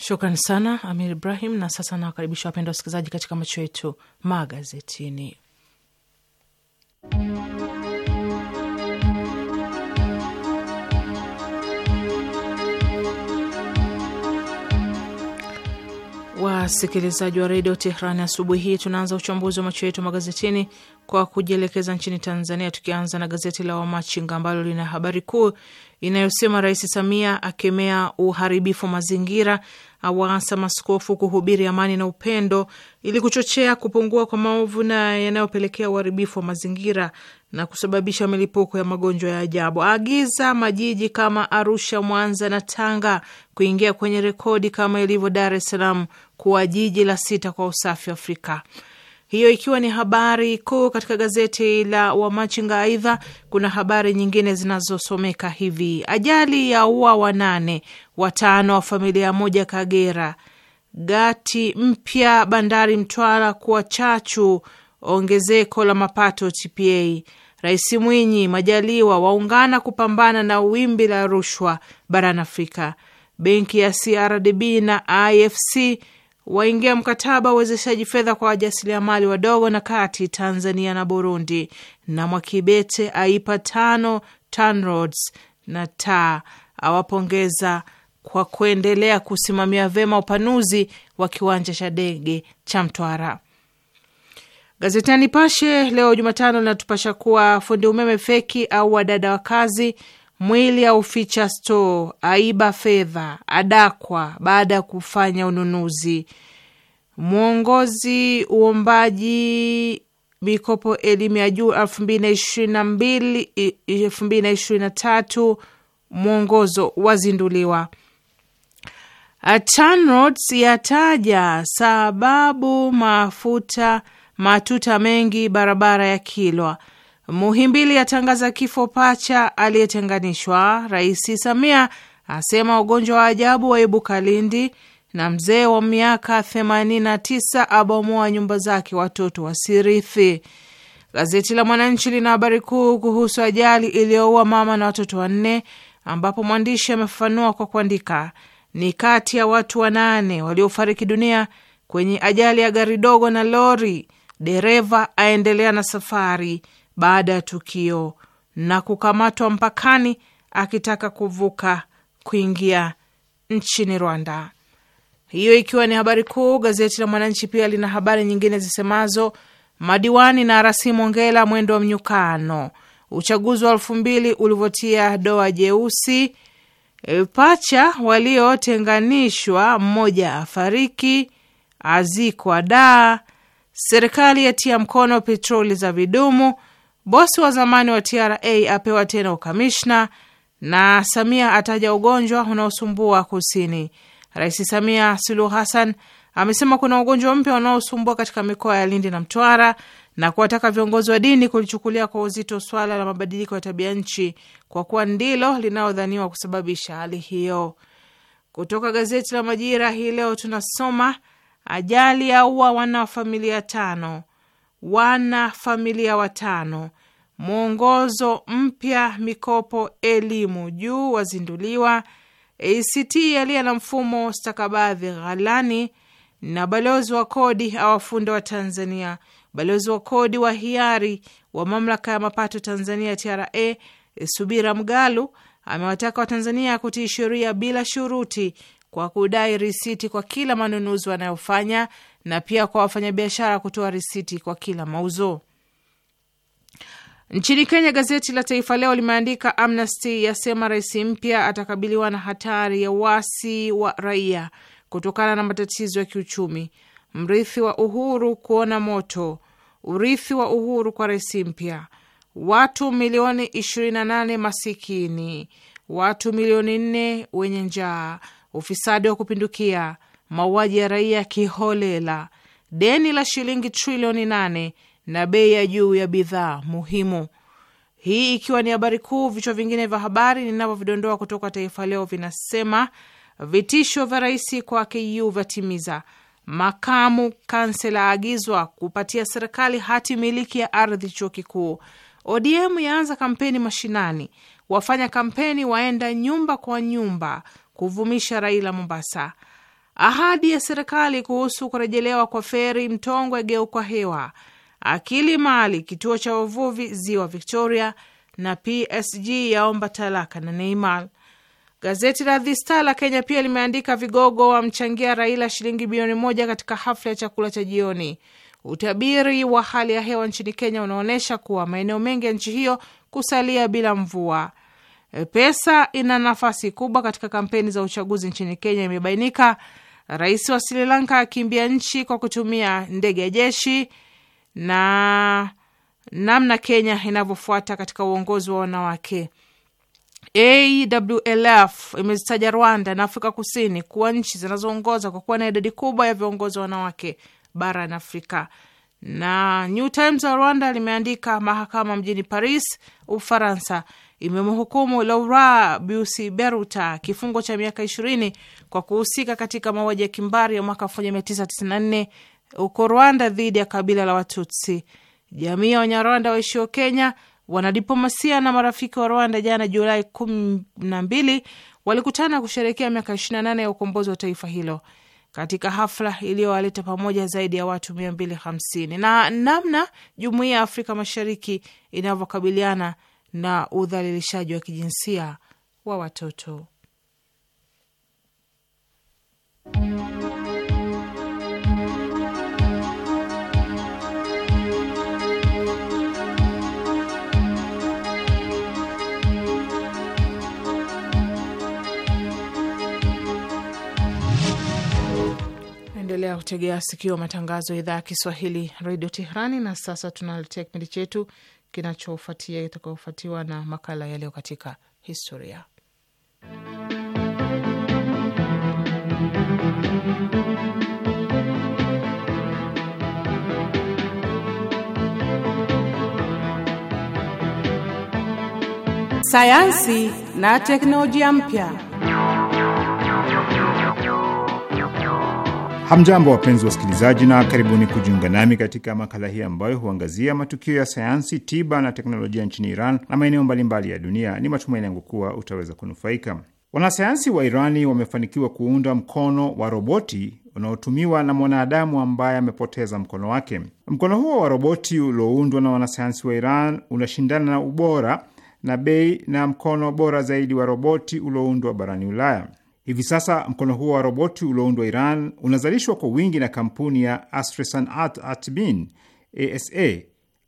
Shukran sana Amir Ibrahim. Na sasa nawakaribisha wapenda wasikilizaji katika macho yetu magazetini. Wasikilizaji wa redio Tehrani, asubuhi hii tunaanza uchambuzi wa macho yetu magazetini kwa kujielekeza nchini Tanzania, tukianza na gazeti la Wamachinga ambalo lina habari kuu inayosema Rais Samia akemea uharibifu wa mazingira, awaasa maskofu kuhubiri amani na upendo ili kuchochea kupungua kwa maovu na yanayopelekea uharibifu wa mazingira na kusababisha milipuko ya magonjwa ya ajabu. Agiza majiji kama Arusha, Mwanza na Tanga kuingia kwenye rekodi kama ilivyo Dar es Salaam kuwa jiji la sita kwa usafi Afrika hiyo ikiwa ni habari kuu katika gazeti la Wamachinga. Aidha, kuna habari nyingine zinazosomeka hivi: ajali ya ua wanane, watano wa familia moja Kagera. Gati mpya bandari Mtwara kuwa chachu ongezeko la mapato TPA. Rais Mwinyi, Majaliwa waungana kupambana na wimbi la rushwa barani Afrika. Benki ya CRDB na IFC waingia mkataba uwezeshaji fedha kwa wajasiriamali wadogo na kati Tanzania na Burundi. Na Mwakibete aipa tano TANROADS na ta awapongeza kwa kuendelea kusimamia vyema upanuzi wa kiwanja cha ndege cha Mtwara. Gazeti ya Nipashe leo Jumatano linatupasha kuwa fundi umeme feki au wadada wa kazi Mwili auficha stoo, aiba fedha, adakwa baada ya kufanya ununuzi. Mwongozi uombaji mikopo elimu ya juu elfu mbili na ishirini na mbili elfu mbili na ishirini na tatu mwongozo wazinduliwa. TANROADS yataja sababu mafuta matuta mengi barabara ya Kilwa. Muhimbili atangaza kifo pacha aliyetenganishwa. Rais Samia asema ugonjwa wa ajabu waibuka Lindi, na mzee wa miaka 89 abomoa nyumba zake watoto wasirithi. Gazeti la Mwananchi lina habari kuu kuhusu ajali iliyoua mama na watoto wanne, ambapo mwandishi amefafanua kwa kuandika, ni kati ya watu wanane waliofariki dunia kwenye ajali ya gari dogo na lori. Dereva aendelea na safari baada ya tukio na kukamatwa mpakani akitaka kuvuka kuingia nchini Rwanda. Hiyo ikiwa ni habari kuu. Gazeti la Mwananchi pia lina habari nyingine zisemazo: madiwani na rasimu ongela mwendo wa mnyukano, uchaguzi wa elfu mbili ulivyotia doa jeusi, e, pacha waliotenganishwa mmoja afariki, azikwa daa, serikali yatia mkono petroli za vidumu Bosi wa zamani wa TRA apewa tena ukamishna, na Samia ataja ugonjwa unaosumbua kusini. Rais Samia Suluhu Hassan amesema kuna ugonjwa mpya unaosumbua katika mikoa ya Lindi na Mtwara na kuwataka viongozi wa dini kulichukulia kwa uzito swala la mabadiliko ya tabia nchi kwa kuwa ndilo linalodhaniwa kusababisha hali hiyo. Kutoka gazeti la Majira hii leo tunasoma ajali yaua familia tano, wanafamilia watano mwongozo mpya mikopo elimu juu wazinduliwa, ACT aliye na mfumo stakabadhi ghalani, na balozi wa kodi awafunda wa Tanzania, balozi wa kodi wa hiari wa mamlaka ya mapato Tanzania TRA Subira Mgalu amewataka Watanzania kutii sheria bila shuruti kwa kudai risiti kwa kila manunuzi wanayofanya na pia kwa wafanyabiashara kutoa risiti kwa kila mauzo. Nchini Kenya, gazeti la Taifa Leo limeandika Amnesty yasema rais mpya atakabiliwa na hatari ya uasi wa raia kutokana na matatizo ya kiuchumi, mrithi wa uhuru kuona moto, urithi wa uhuru kwa rais mpya, watu milioni 28 masikini, watu milioni 4 wenye njaa, ufisadi wa kupindukia, mauaji ya raia kiholela, deni la shilingi trilioni 8 na bei ya juu ya bidhaa muhimu. Hii ikiwa ni habari kuu. Vichwa vingine vya habari ninavyovidondoa kutoka Taifa Leo vinasema vitisho vya rais kwa KU vyatimiza, makamu kansela aagizwa kupatia serikali hati miliki ya ardhi chuo kikuu, ODM yaanza kampeni mashinani, wafanya kampeni waenda nyumba kwa nyumba kuvumisha Raila Mombasa, ahadi ya serikali kuhusu kurejelewa kwa feri Mtongwe kwa hewa akili mali kituo cha wavuvi ziwa Victoria na PSG yaomba talaka na Neymar. Gazeti la The Star la Kenya pia limeandika vigogo wamchangia Raila shilingi bilioni moja katika hafla ya chakula cha jioni. Utabiri wa hali ya hewa nchini Kenya unaonyesha kuwa maeneo mengi ya nchi hiyo kusalia bila mvua. E, pesa ina nafasi kubwa katika kampeni za uchaguzi nchini Kenya, imebainika. Rais wa Sri Lanka akimbia nchi kwa kutumia ndege ya jeshi na namna Kenya inavyofuata katika uongozi wa wanawake. AWLF imezitaja Rwanda na Afrika Kusini kuwa nchi zinazoongoza kwa kuwa na idadi kubwa ya viongozi wa wanawake barani Afrika. Na New Times wa Rwanda limeandika mahakama mjini Paris, Ufaransa, imemhukumu Laura Busi Beruta kifungo cha miaka ishirini kwa kuhusika katika mauaji ya kimbari ya mwaka 1994 huko Rwanda dhidi ya kabila la Watutsi. Jamii ya Wanyarwanda waishio Kenya, wanadiplomasia na marafiki wa Rwanda jana Julai kumi na mbili walikutana kusherekea miaka 28 ya ukombozi wa taifa hilo katika hafla iliyowaleta pamoja zaidi ya watu 250 na namna jumuiya ya Afrika Mashariki inavyokabiliana na udhalilishaji wa kijinsia wa watoto. kutegea sikio matangazo ya idhaa ya Kiswahili redio Tehrani. Na sasa tunaletea kipindi chetu kinachofuatia itakayofuatiwa na makala yaliyo katika historia. Sayansi na teknolojia mpya. Hamjambo, wapenzi wa wasikilizaji, na karibuni kujiunga nami katika makala hii ambayo huangazia matukio ya sayansi, tiba na teknolojia nchini Iran na maeneo mbalimbali ya dunia. Ni matumaini yangu kuwa utaweza kunufaika. Wanasayansi wa Irani wamefanikiwa kuunda mkono wa roboti unaotumiwa na mwanadamu ambaye amepoteza mkono wake. Mkono huo wa roboti ulioundwa na wanasayansi wa Iran unashindana na ubora na bei na mkono bora zaidi wa roboti ulioundwa barani Ulaya. Hivi sasa mkono huo wa roboti ulioundwa Iran unazalishwa kwa wingi na kampuni ya Astresanat Atbin ASA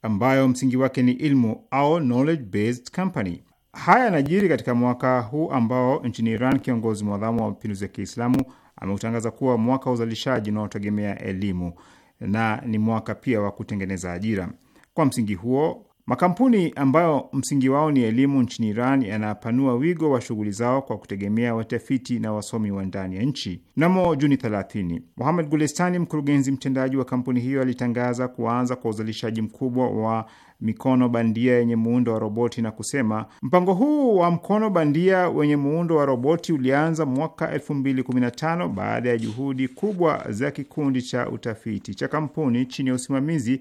ambayo msingi wake ni ilmu au knowledge based company. Haya yanajiri katika mwaka huu ambao nchini Iran kiongozi mwadhamu wa mapinduzi ya Kiislamu ameutangaza kuwa mwaka wa uzalishaji unaotegemea elimu na ni mwaka pia wa kutengeneza ajira. Kwa msingi huo Makampuni ambayo msingi wao ni elimu nchini Iran yanapanua wigo wa shughuli zao kwa kutegemea watafiti na wasomi wa ndani ya nchi. Mnamo Juni 30, Mohamed Gulestani, mkurugenzi mtendaji wa kampuni hiyo, alitangaza kuanza kwa uzalishaji mkubwa wa mikono bandia yenye muundo wa roboti na kusema, mpango huu wa mkono bandia wenye muundo wa roboti ulianza mwaka 2015 baada ya juhudi kubwa za kikundi cha utafiti cha kampuni chini ya usimamizi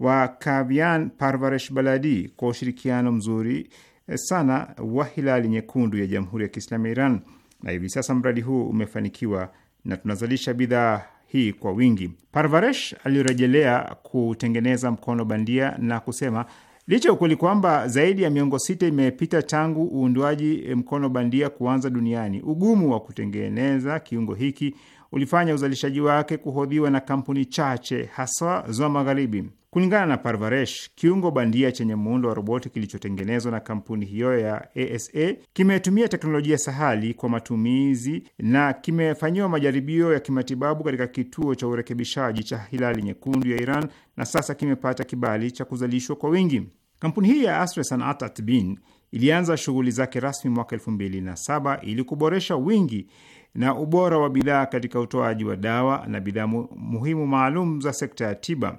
wa Kavian Parvaresh Baladi kwa ushirikiano mzuri eh, sana wa Hilali Nyekundu ya Jamhuri ya Kiislamu ya Iran, na hivi sasa mradi huu umefanikiwa na tunazalisha bidhaa hii kwa wingi. Parvaresh alirejelea kutengeneza mkono bandia na kusema licha ya ukweli kwamba zaidi ya miongo sita imepita tangu uundwaji eh, mkono bandia kuanza duniani, ugumu wa kutengeneza kiungo hiki ulifanya uzalishaji wake kuhodhiwa na kampuni chache, hasa za Magharibi. Kulingana na Parvaresh, kiungo bandia chenye muundo wa roboti kilichotengenezwa na kampuni hiyo ya ASA kimetumia teknolojia sahali kwa matumizi na kimefanyiwa majaribio ya kimatibabu katika kituo cha urekebishaji cha Hilali Nyekundu ya Iran na sasa kimepata kibali cha kuzalishwa kwa wingi. Kampuni hii ya Asre Sanat Atbin ilianza shughuli zake rasmi mwaka elfu mbili na saba ili kuboresha wingi na ubora wa bidhaa katika utoaji wa dawa na bidhaa muhimu maalum za sekta ya tiba.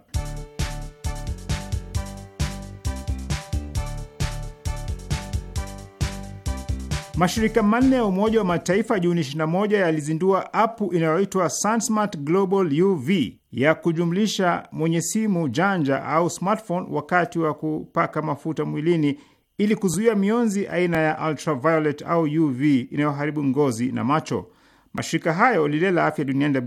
Mashirika manne ya Umoja wa Mataifa Juni 21 yalizindua apu inayoitwa SunSmart Global UV ya kujumlisha mwenye simu janja au smartphone wakati wa kupaka mafuta mwilini ili kuzuia mionzi aina ya ultraviolet au UV inayoharibu ngozi na macho. Mashirika hayo, lile la afya duniani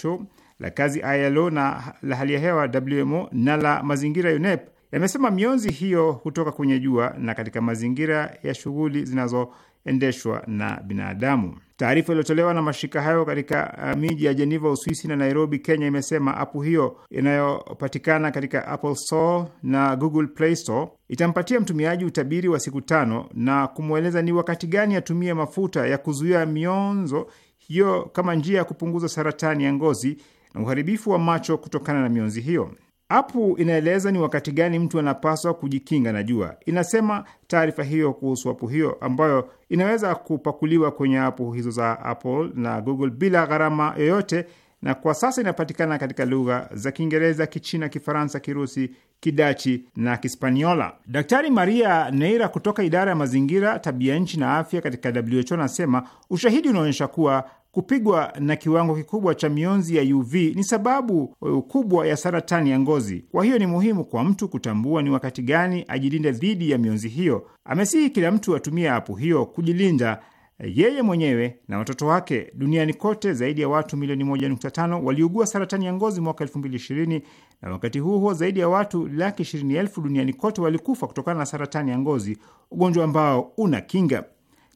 WHO, la kazi ILO, na la hali ya hewa WMO, na la mazingira UNEP, yamesema mionzi hiyo hutoka kwenye jua na katika mazingira ya shughuli zinazo endeshwa na binadamu. Taarifa iliyotolewa na mashirika hayo katika uh, miji ya Jeneva, Uswisi na Nairobi, Kenya, imesema apu hiyo inayopatikana katika Apple Store na Google Play Store itampatia mtumiaji utabiri wa siku tano na kumweleza ni wakati gani atumie mafuta ya kuzuia mionzo hiyo kama njia ya kupunguza saratani ya ngozi na uharibifu wa macho kutokana na mionzi hiyo. Apu inaeleza ni wakati gani mtu anapaswa kujikinga na jua. Inasema taarifa hiyo kuhusu apu hiyo ambayo inaweza kupakuliwa kwenye apu hizo za Apple na Google bila gharama yoyote, na kwa sasa inapatikana katika lugha za Kiingereza, Kichina, Kifaransa, Kirusi, Kidachi na Kispaniola. Daktari Maria Neira kutoka idara ya mazingira, tabia nchi na afya katika WHO anasema ushahidi unaonyesha kuwa Kupigwa na kiwango kikubwa cha mionzi ya UV ni sababu uh, kubwa ya saratani ya ngozi. Kwa hiyo ni muhimu kwa mtu kutambua ni wakati gani ajilinde dhidi ya mionzi hiyo. Amesihi kila mtu atumie apu hiyo kujilinda uh, yeye mwenyewe na watoto wake. Duniani kote zaidi ya watu milioni 1.5 waliugua saratani ya ngozi mwaka 2020 na wakati huo huo zaidi ya watu laki 20 elfu duniani kote walikufa kutokana na saratani ya ngozi, ugonjwa ambao una kinga.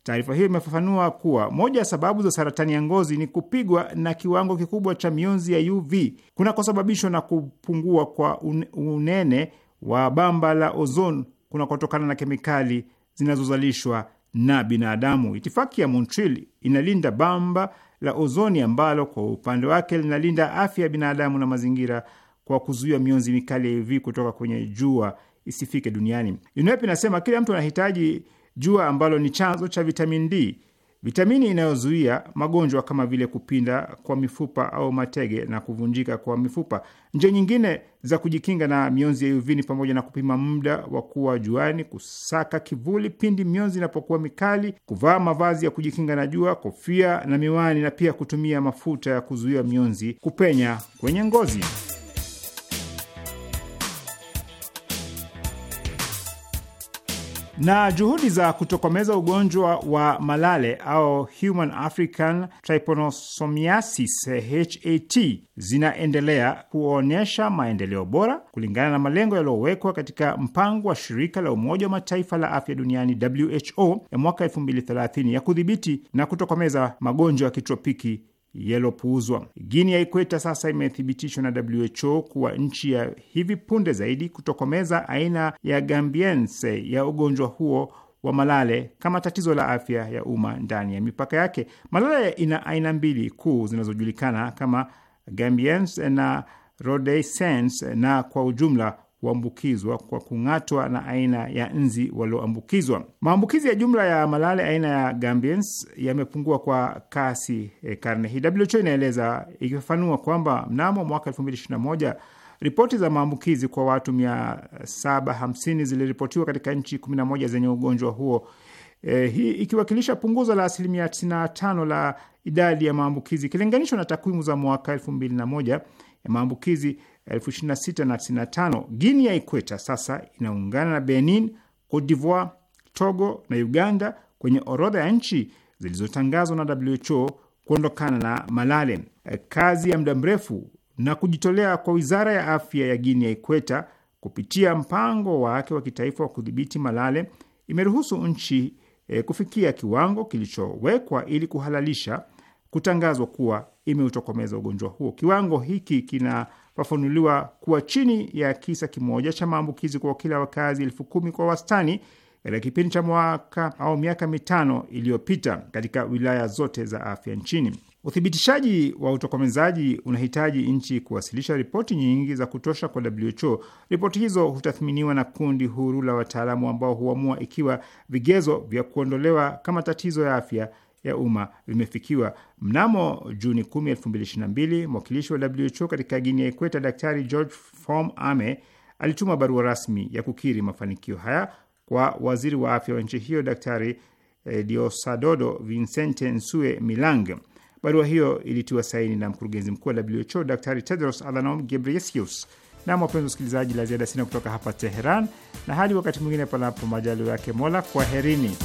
Taarifa hiyo imefafanua kuwa moja ya sababu za saratani ya ngozi ni kupigwa na kiwango kikubwa cha mionzi ya UV kunakosababishwa na kupungua kwa unene wa bamba la ozon kunakotokana na kemikali zinazozalishwa na binadamu. Itifaki ya Montreal inalinda bamba la ozoni ambalo kwa upande wake linalinda afya ya binadamu na mazingira kwa kuzuia mionzi mikali ya UV kutoka kwenye jua isifike duniani. UNEP inasema kila mtu anahitaji jua ambalo ni chanzo cha vitamini D, vitamini inayozuia magonjwa kama vile kupinda kwa mifupa au matege na kuvunjika kwa mifupa. Njia nyingine za kujikinga na mionzi ya UV ni pamoja na kupima muda wa kuwa juani, kusaka kivuli pindi mionzi inapokuwa mikali, kuvaa mavazi ya kujikinga na jua, kofia na miwani, na pia kutumia mafuta ya kuzuia mionzi kupenya kwenye ngozi. na juhudi za kutokomeza ugonjwa wa malale au Human African Trypanosomiasis HAT zinaendelea kuonyesha maendeleo bora kulingana na malengo yaliyowekwa katika mpango wa shirika la Umoja wa Mataifa la afya duniani WHO ya mwaka 2030 ya kudhibiti na kutokomeza magonjwa ya kitropiki yalopuuzwa guini ya Ikweta sasa imethibitishwa na WHO kuwa nchi ya hivi punde zaidi kutokomeza aina ya gambiense ya ugonjwa huo wa malale kama tatizo la afya ya umma ndani ya mipaka yake. Malale ina aina mbili kuu zinazojulikana kama gambiense na rhodesiense, na kwa ujumla kuambukizwa kwa kung'atwa na aina ya nzi walioambukizwa. Maambukizi ya jumla ya malale aina ya Gambians yamepungua kwa kasi e, karne hii, WHO inaeleza ikifafanua kwamba mnamo mwaka 2021 ripoti za maambukizi kwa watu 750 ziliripotiwa katika nchi 11 zenye ugonjwa huo. E, hii ikiwakilisha punguzo la asilimia 95 la idadi ya maambukizi ikilinganishwa na takwimu za mwaka 2001 ya maambukizi elfu ishirini na sita na tisini na tano. ya Ikweta sasa inaungana na Benin, Cote d'Ivoire, Togo na Uganda kwenye orodha ya nchi zilizotangazwa na WHO kuondokana na malale. E, kazi ya muda mrefu na kujitolea kwa wizara ya afya ya Guinea ya Ikweta kupitia mpango wake wa kitaifa wa kudhibiti malale imeruhusu nchi e, kufikia kiwango kilichowekwa ili kuhalalisha kutangazwa kuwa imeutokomeza ugonjwa huo. Kiwango hiki kina wafanuliwa kuwa chini ya kisa kimoja cha maambukizi kwa kila wakazi elfu kumi kwa wastani katika kipindi cha mwaka au miaka mitano iliyopita katika wilaya zote za afya nchini. Uthibitishaji wa utokomezaji unahitaji nchi kuwasilisha ripoti nyingi za kutosha kwa WHO. Ripoti hizo hutathminiwa na kundi huru la wataalamu ambao huamua ikiwa vigezo vya kuondolewa kama tatizo ya afya ya umma vimefikiwa. Mnamo Juni 10, 2022 mwakilishi wa WHO katika Guinea ya Daktari George Fom Ame alituma barua rasmi ya kukiri mafanikio haya kwa waziri wa afya wa nchi hiyo Daktari eh, Diosadodo Vincente Nsue Milange. Barua hiyo ilitiwa saini na mkurugenzi mkuu wa WHO Daktari Tedros Adhanom Ghebreyesus. Na wapenzi wasikilizaji, la ziada sina kutoka hapa Teheran, na hadi wakati mwingine, panapo majalio yake Mola, kwaherini.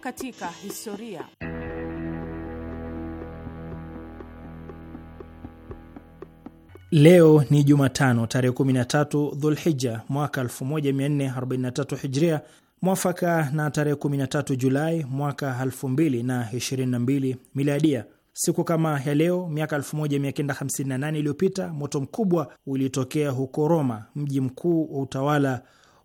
katika historia. Leo ni Jumatano tarehe 13 Dhulhija mwaka 1443 Hijria, mwafaka na tarehe 13 Julai mwaka 2022 Miladia. Siku kama ya leo miaka 1958 iliyopita moto mkubwa ulitokea huko Roma, mji mkuu wa utawala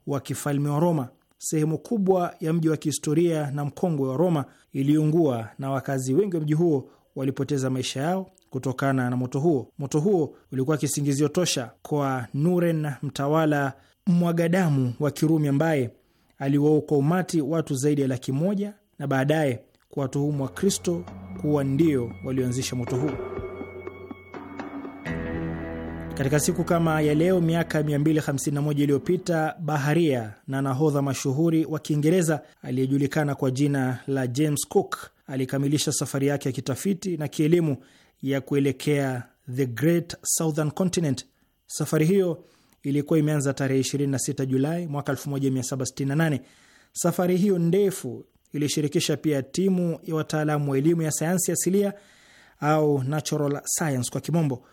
wa kifalme wa Roma sehemu kubwa ya mji wa kihistoria na mkongwe wa Roma iliungua na wakazi wengi wa mji huo walipoteza maisha yao kutokana na moto huo. Moto huo ulikuwa kisingizio tosha kwa Nuren, mtawala mwagadamu wa Kirumi ambaye aliwaua umati watu zaidi ya laki moja na baadaye kuwatuhumu Wakristo kuwa ndio walioanzisha moto huo. Katika siku kama ya leo miaka 251 iliyopita baharia na nahodha mashuhuri wa Kiingereza aliyejulikana kwa jina la James Cook alikamilisha safari yake ya kitafiti na kielimu ya kuelekea the Great Southern Continent. Safari hiyo ilikuwa imeanza tarehe 26 Julai mwaka 1768. Safari hiyo ndefu ilishirikisha pia timu ya wataalamu wa elimu ya sayansi asilia au natural science kwa kimombo.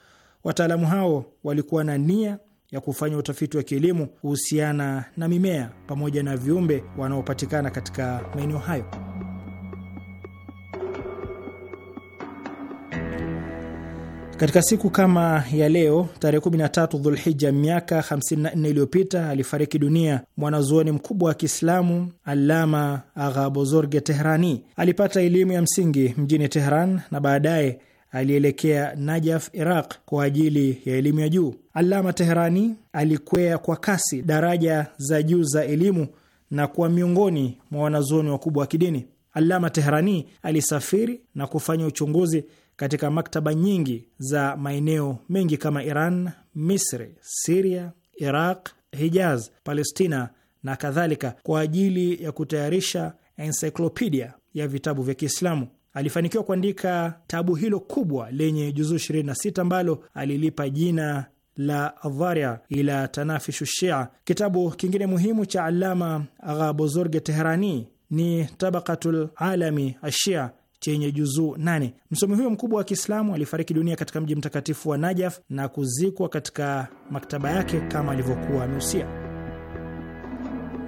Wataalamu hao walikuwa na nia ya kufanya utafiti wa kielimu kuhusiana na mimea pamoja na viumbe wanaopatikana katika maeneo hayo. Katika siku kama ya leo tarehe 13 Dhulhija, miaka 54 iliyopita alifariki dunia mwanazuoni mkubwa wa Kiislamu Allama aghabozorge Tehrani. Alipata elimu ya msingi mjini Tehran na baadaye alielekea Najaf, Iraq, kwa ajili ya elimu ya juu. Alama Teherani alikwea kwa kasi daraja za juu za elimu na kuwa miongoni mwa wanazuoni wakubwa wa kidini. Alama Teherani alisafiri na kufanya uchunguzi katika maktaba nyingi za maeneo mengi kama Iran, Misri, Siria, Iraq, Hijaz, Palestina na kadhalika, kwa ajili ya kutayarisha ensiklopedia ya vitabu vya Kiislamu alifanikiwa kuandika tabu hilo kubwa lenye juzuu 26 ambalo alilipa jina la Dharia ila tanafishu Shia. Kitabu kingine muhimu cha Alama Agha Bozorge Teherani ni Tabakatul Alami Ashia chenye juzuu nane. Msomi huyo mkubwa wa Kiislamu alifariki dunia katika mji mtakatifu wa Najaf na kuzikwa katika maktaba yake kama alivyokuwa ameusia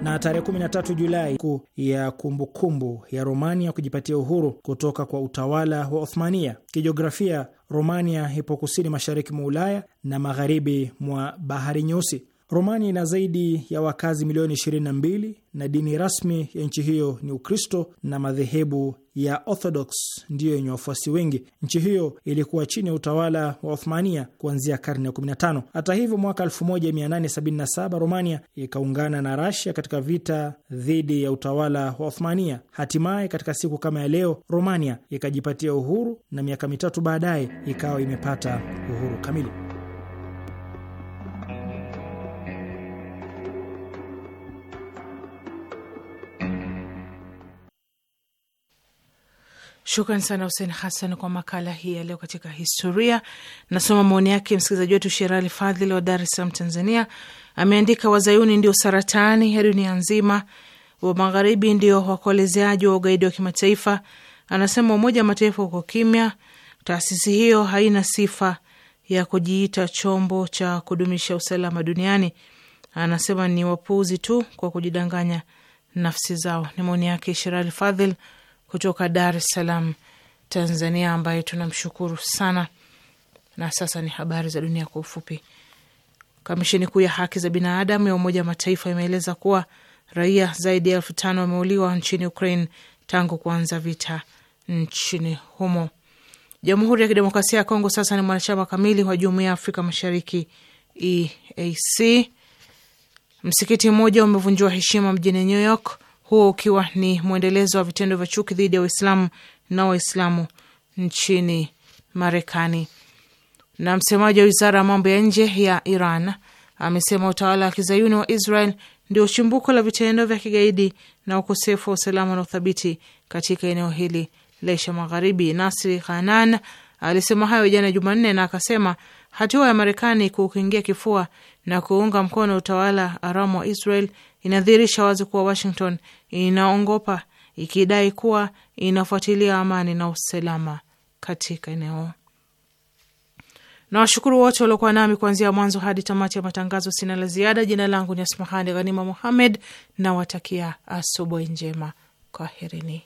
na tarehe 13 Julai kuu ya kumbukumbu kumbu ya Romania kujipatia uhuru kutoka kwa utawala wa Othmania. Kijiografia, Romania ipo kusini mashariki mwa Ulaya na magharibi mwa Bahari Nyeusi. Romania ina zaidi ya wakazi milioni 22 na dini rasmi ya nchi hiyo ni Ukristo na madhehebu ya Orthodox ndiyo yenye wafuasi wengi. Nchi hiyo ilikuwa chini ya utawala wa Othmania kuanzia karne ya 15. Hata hivyo, mwaka 1877 Romania ikaungana na Rasia katika vita dhidi ya utawala wa Othmania. Hatimaye, katika siku kama ya leo, Romania ikajipatia uhuru na miaka mitatu baadaye ikawa imepata uhuru kamili. Shukran sana Husen Hassan kwa makala hii ya leo katika historia. Nasoma maoni yake msikilizaji wetu Sherali Fadhili wa Dar es Salaam, Tanzania. Ameandika, wazayuni ndio saratani ya dunia nzima, wa magharibi ndio wakolezeaji wa ugaidi wa kimataifa. Anasema Umoja wa Mataifa uko kimya, taasisi hiyo haina sifa ya kujiita chombo cha kudumisha usalama duniani. Anasema ni wapuuzi tu kwa kujidanganya nafsi zao. Ni maoni yake Sherali Fadhili kutoka Dar es Salaam, Tanzania, ambaye tunamshukuru sana. Na sasa ni habari za dunia kwa ufupi. Kamisheni kuu ya haki za binadamu ya Umoja wa Mataifa imeeleza kuwa raia zaidi ya elfu tano wameuliwa nchini Ukraine tangu kuanza vita nchini humo. Jamhuri ya Kidemokrasia ya Kongo sasa ni mwanachama kamili wa Jumuiya ya Afrika Mashariki, EAC. Msikiti mmoja umevunjiwa heshima mjini New York huo ukiwa ni mwendelezo wa vitendo vya chuki dhidi ya Waislamu na Waislamu nchini Marekani. Na msemaji wa wizara ya mambo ya nje ya Iran amesema utawala wa kizayuni wa Israel ndio chimbuko la vitendo vya kigaidi na ukosefu wa usalama na uthabiti katika eneo hili la Asia Magharibi. Nasri Hanan alisema hayo jana Jumanne na akasema hatua ya Marekani kuukingia kifua na kuunga mkono utawala haramu wa Israel inadhihirisha wazi kuwa Washington inaongopa ikidai kuwa inafuatilia amani na usalama katika eneo. Na washukuru wote waliokuwa nami kuanzia mwanzo hadi tamati ya matangazo. Sina la ziada. Jina langu ni Asmahani Ghanima Muhammed, nawatakia asubuhi njema. Kwaherini.